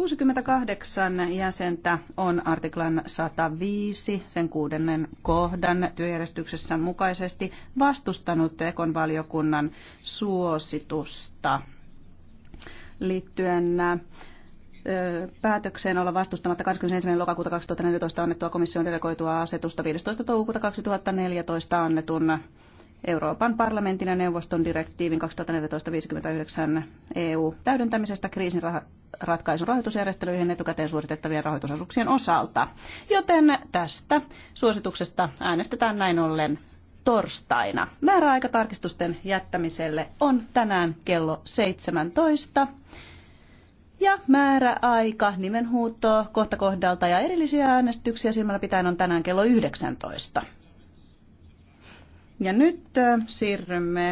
68 jäsentä on artiklan 105, sen kuudennen kohdan työjärjestyksessä mukaisesti vastustanut Ekon valiokunnan suositusta liittyen päätökseen olla vastustamatta 21. lokakuuta 2014 annettua komission delegoitua asetusta 15. toukokuuta 2014 annetun Euroopan parlamentin ja neuvoston direktiivin 2014-59 EU täydentämisestä kriisin Ratkaisun rahoitusjärjestelyihin etukäteen suoritettavien rahoitusosuuksien osalta. Joten tästä suosituksesta äänestetään näin ollen torstaina. Määräaika tarkistusten jättämiselle on tänään kello 17. Ja määräaika, nimenhuuttoa kohta kohdalta ja erillisiä äänestyksiä silmällä pitäen on tänään kello 19. Ja nyt äh, siirrymme